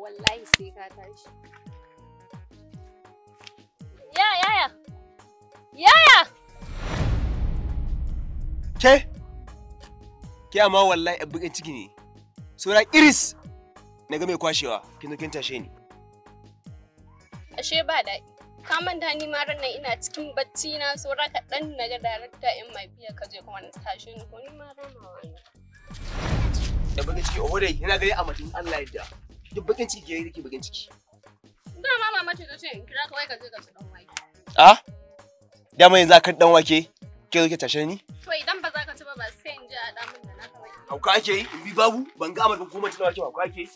wallahi sai ka tashi ya yaya yaya ke ke amma wallahi bugin ciki ne sura iris na ga mai kwashewa kin kin tashe ni ashe ba daɗi ka manta ni ma ran nan ina cikin bacci na so ka dan naga darakta in mai biya ka je kuma na tashi ni ko ni ma rama wannan da bugin ciki oho ina gari a matin Allah ya da duk bakin ciki ke dake bakin ciki da ma mama ce ce in kira kawai ka je ka ci dan wake a da mai za ka dan wake ke zo ke tashe ni to idan ba za ka ci ba ba sai in ji a dan mun da naka wake hauka ake yi in bi babu ban ga amma kuma ci dan wake ba, hauka ake yi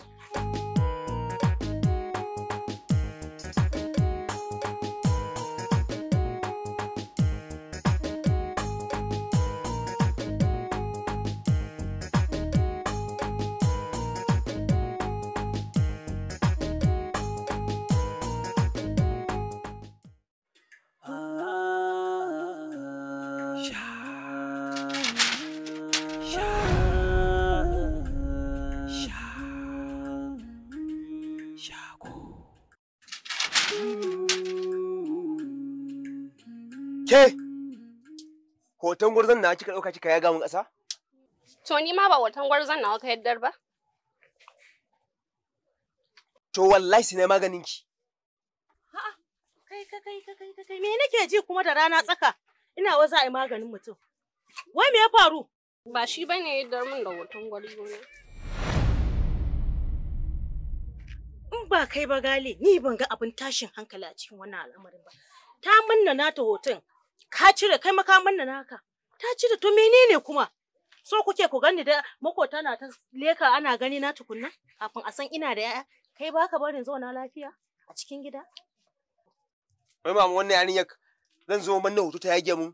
Ke, hoton gwarzon na kika ɗauka kika ya gamun ƙasa? To ni ma ba hoton gwarzon na ka yaddar ba. To wallahi sai maganin ki. Ha'a, kai kai kai kai kai kai me nake ji kuma da rana tsaka? Ina wa za a yi maganin mutum. Wai me ya faru? Ba shi bane yaddar mun da hoton gwarzo ne. In ba kai ba gale, ni ban ga abin tashin hankali a cikin wannan al'amarin ba. Ta munna ta hoton, ka cire kai makaman nan haka ta cire to menene kuma so kuke ku gani da makota na ta leka ana gani na tukunna kafin a san ina da yaya kai baka barin zauna lafiya a cikin gida wai mama wannan yarinyar zan zo manna hoto ta yage mu?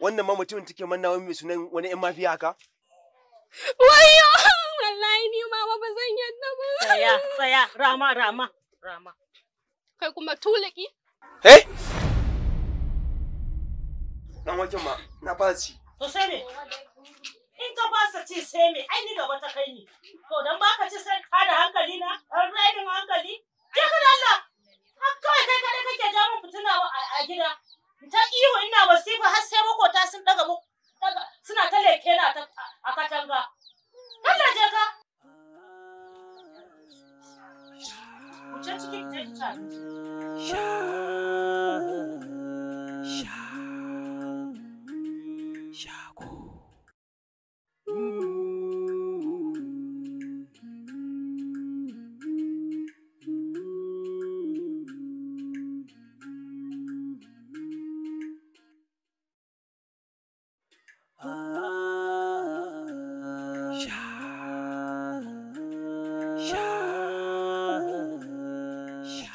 wannan ma mutumin take manna wani mai sunan wani yan mafiya haka wayo wallahi ni mama ba zan yadda ba tsaya tsaya rama rama rama kai kuma tuliki eh dan wajen ma na to sai me in ka ba sa ci sai me ai ni gaba ta kai ni to dan ba ka ci sai ka da hankali na an raidin hankali je ka da Allah kawai kai kada kake ja mun fituna a gida ta ihu ina wasifa har sai makota sun daga mu suna ta leke na a katanga Allah je ka ci cikin jinta.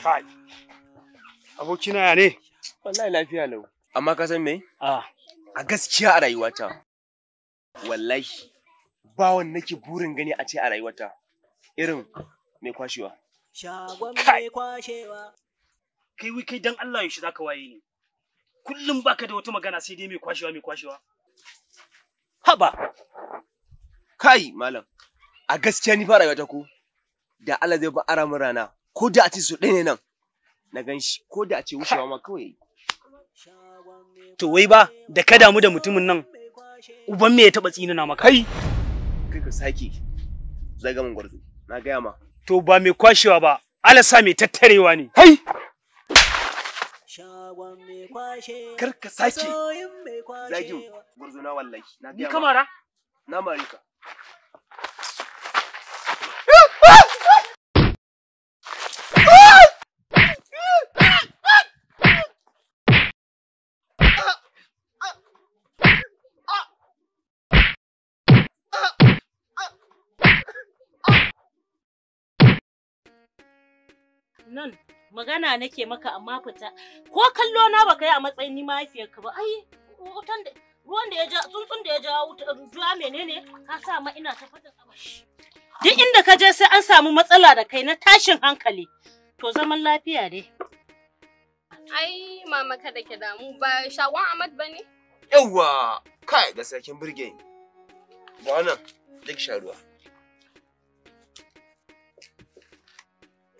Kai. Abokina ya ne? Wallahi lafiya lau. Amma ka san me? A. gaskiya a rayuwata. Wallahi. Bawan nake burin gani a ce a rayuwata. Irin mai kwashewa. Shagon mai kwashewa. Kai wai kai dan Allah yaushe zaka waye ni. Kullum baka da wata magana sai dai mai kwashewa mai kwashewa. Haba. Kai malam. A gaskiya ni fa rayuwata ko. Da Allah zai ba ara rana. ko da a ce su ɗaya nan na gan shi ko da a ce wucewa ma kawai to wai ba da ka damu da mutumin nan uban me ya taɓa tsinina maka kai kai ka sake zaga min gwarzo na gaya ma to ba mai kwashewa ba alasa mai tattarewa ne hai kar ka sake zagin gwarzo na wallahi na gaya ma ni kamara na ka Nan magana nake maka amma fita. Ko kallo na baka yi a matsayin ni ka ba. Ai, wutan da ruwan da ya ja tsuntsun da ya ja ruwa menene ka sa ma ina ta fatan abashi. Duk inda ka je sai an samu matsala da kai na tashin hankali. To zaman lafiya dai. Ai mama kada ki damu ba shagon Ahmad bane? Yawwa, kai ga sakin burge ni. ba nan duk sharuwa.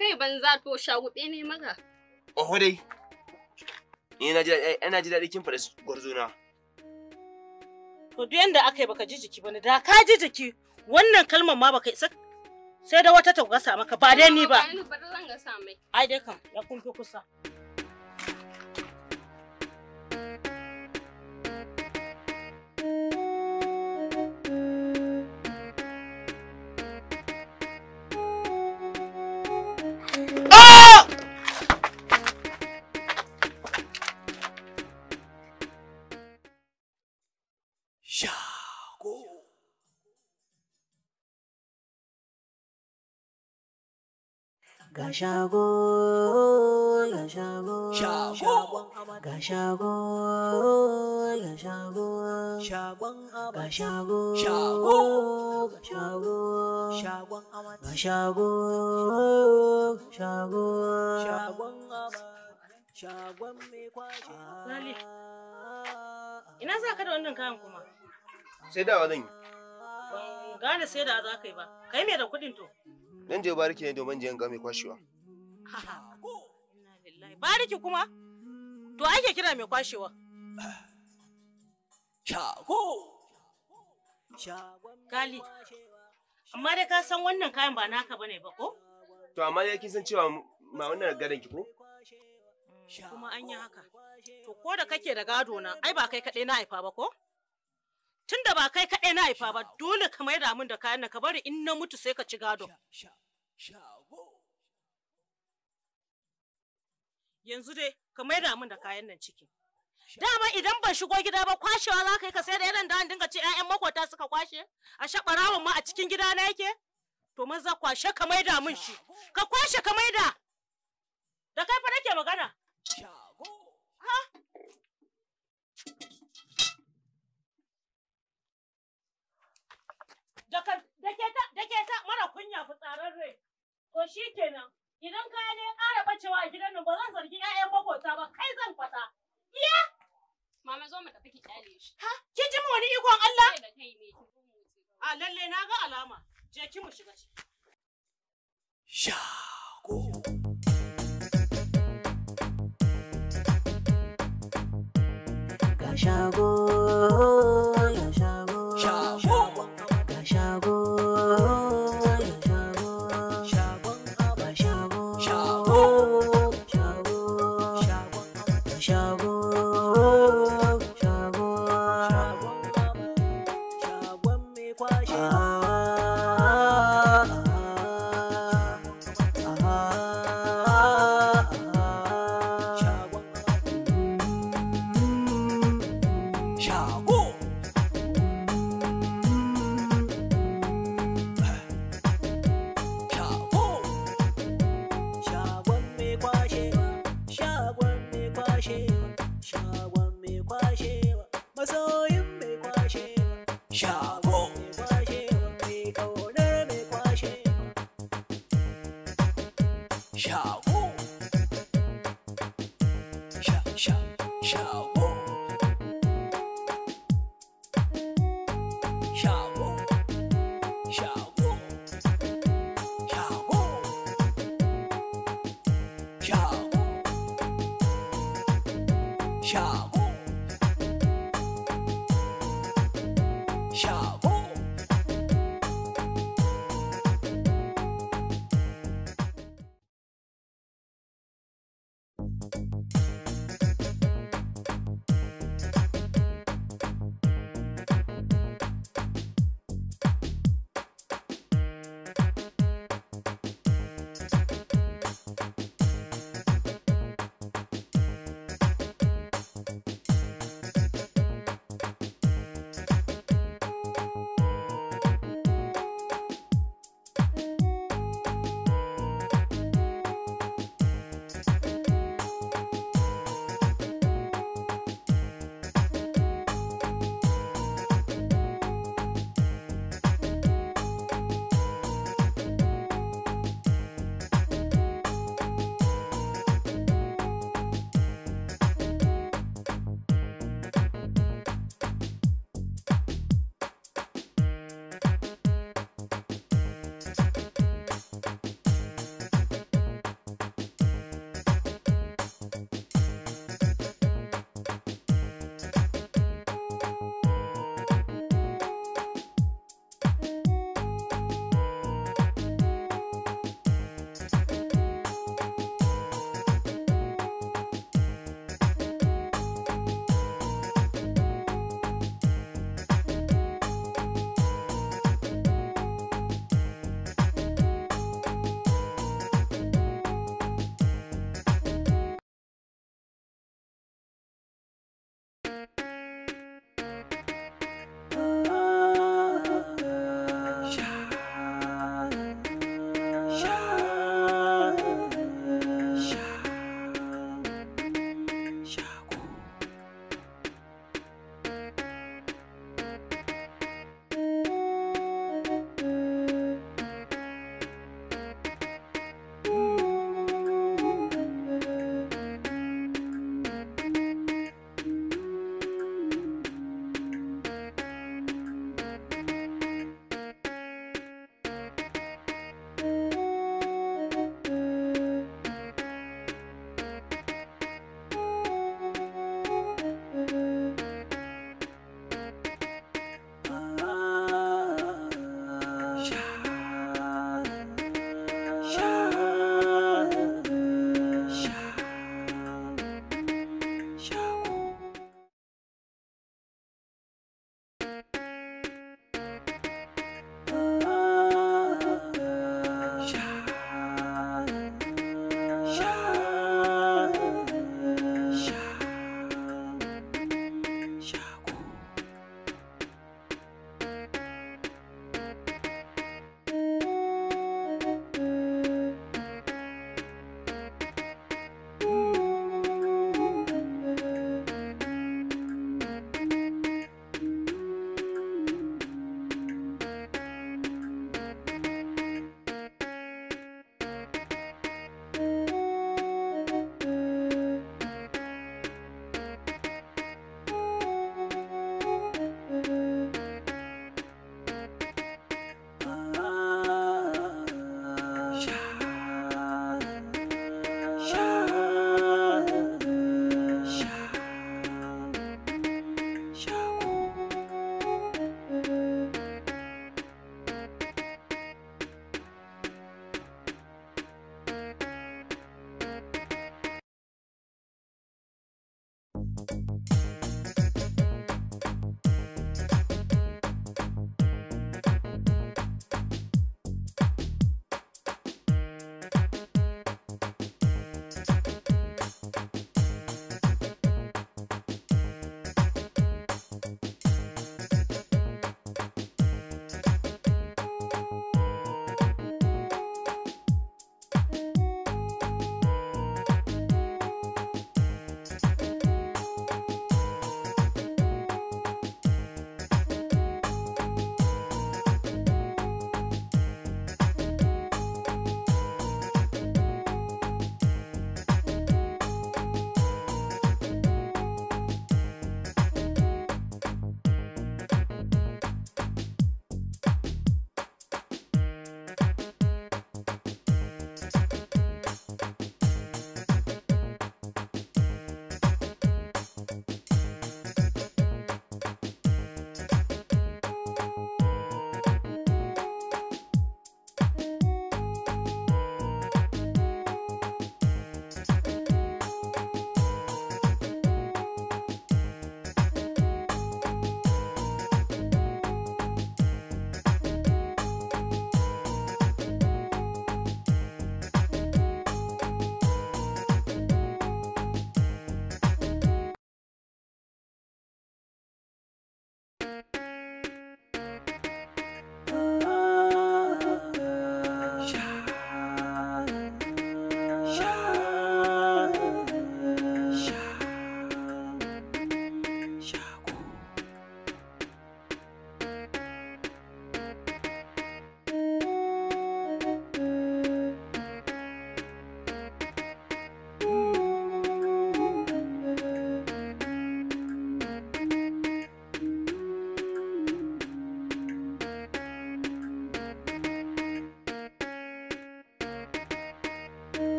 Kai banza to shagube ne maka. Oho dai. Ina ji ina ji daɗi kin faɗa gwarzona. To duk yanda aka yi baka ji jiki bane da ka ji jiki wannan kalmar ma baka isa sai da wata ta gasa maka ba dai ni ba. Ai dai kam ya kun fi kusa. Gashago, shago, Gashago, shago, shago, Gashago, shago, Gashago, shago, Gashago, Gashago, Gashago, shago, Gashago, shago, Gashago, Gashago, shago, Gashago, da wannan gane sai da za ka yi ba. Kai me da kuɗin to? Nan je bariki ne domin jiyan mai kwashewa. Bariki kuma? To ake kira mai kwashewa. Shago! Khalid, amma dai ka san wannan kayan ba naka bane ba ko? To amma dai kin san cewa ma wannan gadon ki ko? Hmm, kuma an yi haka. To ko da kake da gado na, ai ba kai kaɗai na haifa ba ko? tun da ba kai kaɗai na haifa ba dole ka mai min da kayan ka bari in na mutu sai ka ci gado. Yanzu dai ka mai min da kayan nan ciki. Dama idan ban shigo gida ba kwashewa za ka yi ka sai da yadan da dinga ce 'ya'yan makwata suka kwashe a shaɓarawan ma a cikin gida na yake. To maza kwashe ka maida min shi, ka kwashe ka maida. Da kai fa nake magana. da ke ta mara kunya fitsarin rai. To kenan, idan kaya ne ya ƙara bacewa a gidan nan ba zan zargi 'ya'yan makota ba, kai zan fata. Iya? Mama zo mu tafi ki kyale shi. Ha, kin ji wani ikon Allah? A lalle na ga alama. Je ki mu shiga Shago. shago. shit. job.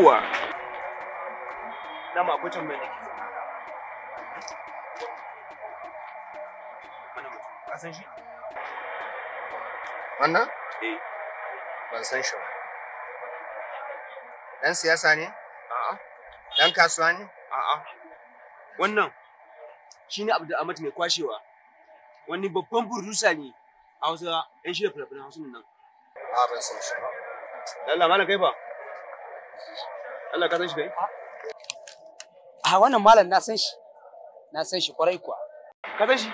yawa dama akwai tambayar da ke ka san shi wannan eh ban san shi ba dan siyasa ne a'a dan kasuwa ne a'a wannan shine Abdul Ahmad mai kwashewa wani babban burusa ne a wasu yan shirya fina-finan hausunan nan a ban san shi ba lalla malam kai ba. Allah ka san shi kai? A ah, wannan malam na san shi. Na san shi kwarai kuwa. Ka san shi?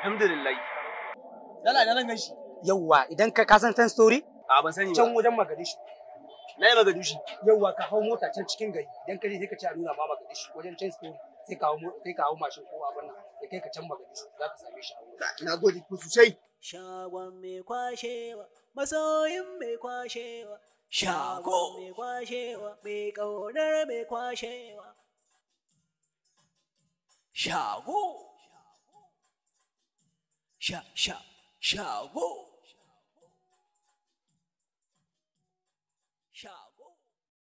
Alhamdulillah. Dala da nan shi. Yawwa idan ka san tan story? A ban sani ba. Can wajen Magadishi. Na yi Magadishi. Yawwa ka hau mota can cikin gari. Idan ka je sai ka ci a nuna ma Magadishi wajen can story. Sai ka hau mashin ko abin nan. Da kai ka can Magadishi za ka same shi a wurin. Na gode ku sosai. Shagon mai kwashewa, masoyin mai kwashewa, 小姑，没关系哇，没个人没关系我。小姑，小小小姑。